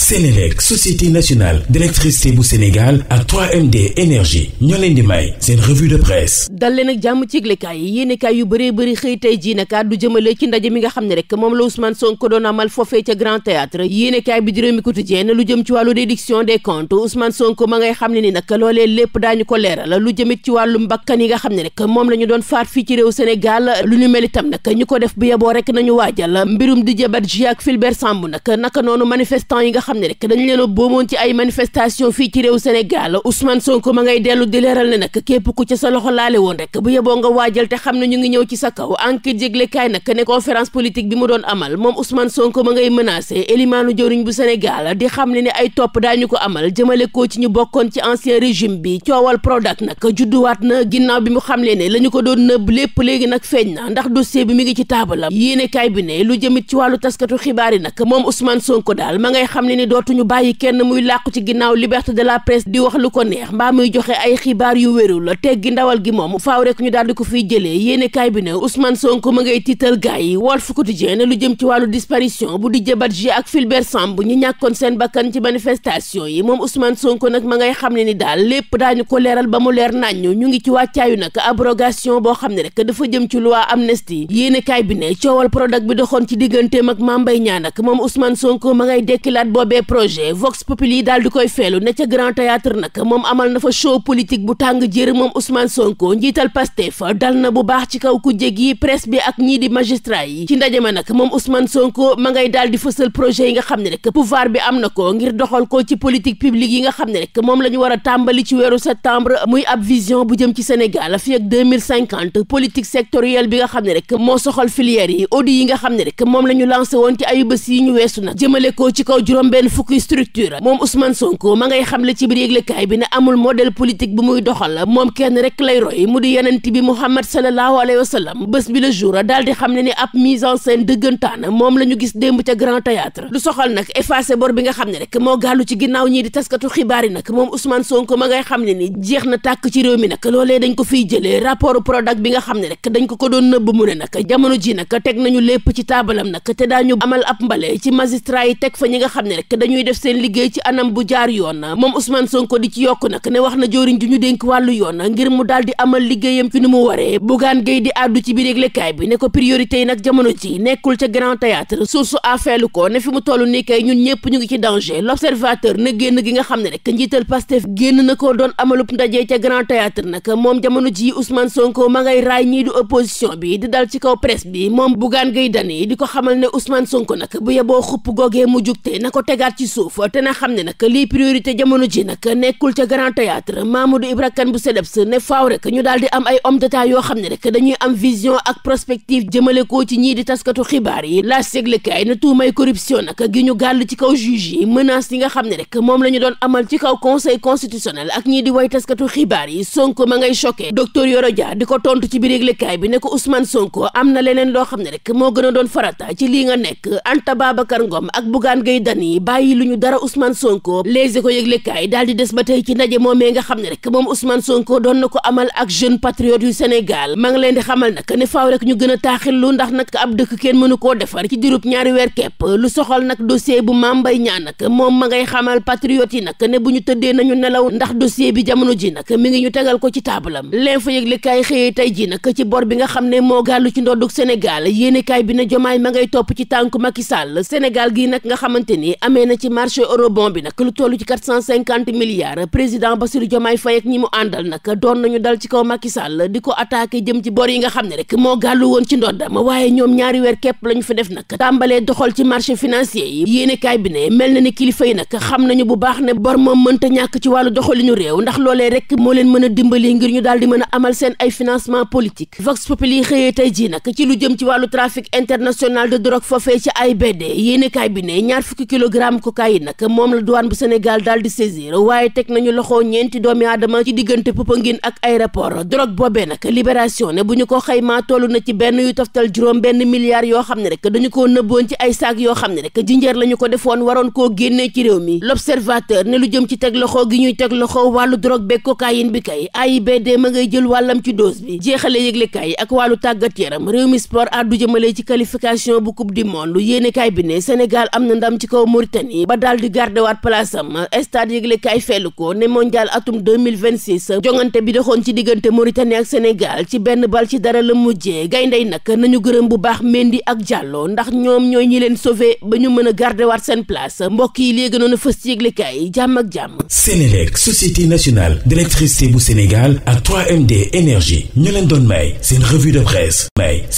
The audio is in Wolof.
Sénélec société nationale d'électricité bu Sénégal ak 3MD énergie ñoo leen di may seen revue de presse dal leen ak jàmm ci yëglekaay yi yéenekaay yu bëree bëri xëy tey jii nag du jëmale ci ndaje mi nga xam ne rek moom la Ousmane Sonko doon amal foofee ca Grand Théâtre yéenekaay bi di Rewmi Quotidien lu jëm ci wàllu déduction des comptes Ousmane Sonko ma ngay xam ne ni nag loolee lépp daa daañu ko leeral lu jëmit ci wàllu mbakkan yi nga xam ne rek moom la ñu doon faat fii ci réew Sénégal lu ñu mel itam nag ñu ko def bu yeboo rek nañu waajal mbirum Didier Badji ak Fulbert Sambou nag naka noonu manifestant yi nga xam ne rek dañ leen a boomoon ci ay manifestation fii ci réew Sénégal Ousmane Sonko ma ngay dellu di leeral ne nag képp ku ca sa loxo laale woon rek bu yeboo nga waajal te xam ne ñu ngi ñëw ci sa kaw enquête jéglekaay nag ne conférence politique bi mu doon amal moom Ousmane Sonko ma ngay menacé élimaanu jëriñ bu Sénégal di xam ne ne ay topp daañu ko amal jëmale ko ci ñu bokkoon ci ancien régime bi coowal Prodac nag judduwaat na ginnaaw bi mu xam le ne la ko doon nëbb lépp nag feeñ na ndax dossier bi mi ngi ci taabalam yéene bi ne lu jëmit ci wàllu taskatu yi nag moom Ousmane Sonko daal ma ngay xam ne ni dootuñu bàyyi kenn muy làqu ci ginnaaw liberté de la presse di wax lu ko neex mbaa muy joxe ay xibaar yu wérul teggi ndawal gi moom faaw rek ñu daal di ko fiy jëlee yéene kaay bi ne Ousmane Sonko ma ngay tiital gaay yi Walf Quotidien lu jëm ci wàllu disparition bu Didier Badji ak Fulbert Sambou ñu ñàkkoon seen bakkan ci manifestation yi moom Ousmane Sonko nag ma ngay xam ne ni daal lépp daañu ko leeral ba mu leer naññu ñu ngi ci wàccaayu nag abrogation boo xam ne rek dafa jëm ci loi amnistie yéene kaay bi ne coowal Prodac bi doxoon ci digganteem ak Mame Mbaye Niang nag moom Ousmane Sonko ma ngay dekkilaat boobee projet Vox Populi daal di koy feelu ne ca Grand Théâtre nag moom amal na fa show politique bu tàng jër moom Ousmane Sonko njiital Pastef dal na bu baax ci kaw ku jéggi presse bi ak ñii di magistrat yi ci ndaje ma nag moom Ousmane Sonko ma ngay daal di fësal projet yi nga xam ne rek pouvoir bi am na ko ngir doxal ko ci politique publique yi nga xam ne rek moom la ñu war a tàmbali ci weeru septembre muy ab vision bu jëm ci Sénégal fii ak deux mille cinquante politique sectorielle bi nga xam ne rek moo soxal filière yi yi nga xam ne rek moom la ñu lancé woon ci ayu bés yi ñu weesu nag jëmale ko ci kaw juróom moom Ousmane Sonko ma ngay wa sallam bés bi la jour daal di xam ni la ñu gis démb ca grand théâtre lu soxal nag effacé bor bi nga ni jeex na tàkk ci réew mi nag loolee dañ ko fiy jëlee rapport Prodac bi nga xam ne rek dañ ko ko doon nëbb mu ne nag jamono ji nag teg nañu lépp ci taabalam nag te daañu amal ab mbale ci magistrat yi teg fa ñi nga xam ne rek dañuy def seen liggéey ci anam bu jaar yoon moom Ousmane Sonko di ci yokk nag ne wax na jëwriñ ju ñu dénk wàllu yoon ngir mu daal amal liggéeyam ci ni mu waree Bougane Gueye di àddu ci biir yëglekaay bi ne ko priorité yi nag jamono ji nekkul ca Grand Théâtre source affaelu ko ne fi mu toll nii kay ñun ñëpp ñu ngi ci danger l'observateur ne génn gi nga xam ne rek njiital Pastef génn na ko doon amalub ndaje ca Grand Théâtre nag moom jamono bi di dal ci kaw tegaat ci suuf te na xam ne nag lii priorité jamono ji nag nekkul ca grand théâtre Mamadou Ibra Kane bu CDEPS ne faaw rek ñu daal di am ay homme d'état yoo xam ne rek dañuy am vision ak prospective jëmale ko ci ñii di taskatu xibaar yi la seglekaay na tuumay corruption nag gi ñu gàll ci kaw juge yi menace yi nga xam ne rek moom la ñu doon amal ci kaw conseil constitutionnel ak ñii di way taskatu xibaar yi Sonko ma ngay choqué docteur Yoro Dia di ko tontu ci biir yëglekaay bi ne ko na leneen loo xam ne moo gën a doon farata ci lii nga nekk Anta Babacar Ngom ak Bougane Gueye yi bàyyi lu ñu dara Ousmane Sonko léegi ko yëglekaay daal di des ba tey ci ndaje moomee nga xam ne rek moom Ousmane Sonko doon na ko amal ak jeune patriote yu Sénégal maa leen di xamal nag ne faaw rek ñu gën a taaxirlu ndax nag ab dëkk kenn mënu koo defar ci diirub ñaari weer kepp lu soxal nag dossier bu maam bay ñaan nag moom ma ngay xamal patriote yi nag ne bu ñu tëddee nañu nelaw ndax dossier bi jamono ji nag mi ngi ñu tegal ko ci taabalam l'info yëglekaay xëyee tey ji nag ci bor bi nga xam ne moo gàllu ci ndoddug Sénégal yéenekaay bi ne jomaay ma ngay topp ci tànku Macky Sall Sénégal gi nag nga xamante ni amee na ci marché eurobond bi nag lu toll ci quatre cent cinquante milliards président Bassirou Diomaye Faye ak ñi mu àndal nag doon nañu dal ci kaw Macky di ko attaqué jëm ci bor yi nga xam ne rek moo gàllu woon ci ndoddam waaye ñoom ñaari weer képp la fi def nag tàmbalee doxal ci marché financier yi yéenekaay bi ne mel na ni kilifa yi nag xam nañu bu baax ne bor moom mënta ñàkk ci wàllu doxalinu réew ndax loolee rek moo leen mën a dimbali ngir ñu daal di mën a amal seen ay financement politique Vox Populi yi xëyee tey jii gramme cocaïne nag moom la douane bu Sénégal daal di saisir waaye teg nañu loxo ñeenti doomi aadama ci diggante Popenguine ak aéroport drogue boobee nag libération ne bu ñu ko xaymaa toll na ci benn yu toftal juróom benn milliard yoo xam ne rek dañu koo nëbboon ci ay saak yoo xam ne rek jinjeer la ñu ko defoon waroon koo génnee ci réew mi l'observateur ne lu jëm ci teg loxo gi ñuy teg loxo wàllu drogue beeg cocaïne bi kay AIBD ma ngay jël wàllam ci dose bi jeexale yëglekaay ak wàllu tàggat yaram réew mi bu coupe du monde yéenekaay bi ne Sénégal am Mauritanie ba daal di garder waat place am stade yëglekaay fellu ko ne mondial atum deux mille vingt six jongante bi doxoon ci diggante Mauritanie ak Sénégal ci benn bal ci dara la mujjee gayndey nag nañu gërëm bu baax Mendy ak Diallo ndax ñoom ñooy ñi leen sauver ba ñu mën a garder waat seen place mbokk yi léegi noonu fës ci yëglekaay yi jàmm ak jàmm. Sénélec société nationale d'électricité bu Sénégal ak 3MD énergie ñu leen doon may seen revue de presse may.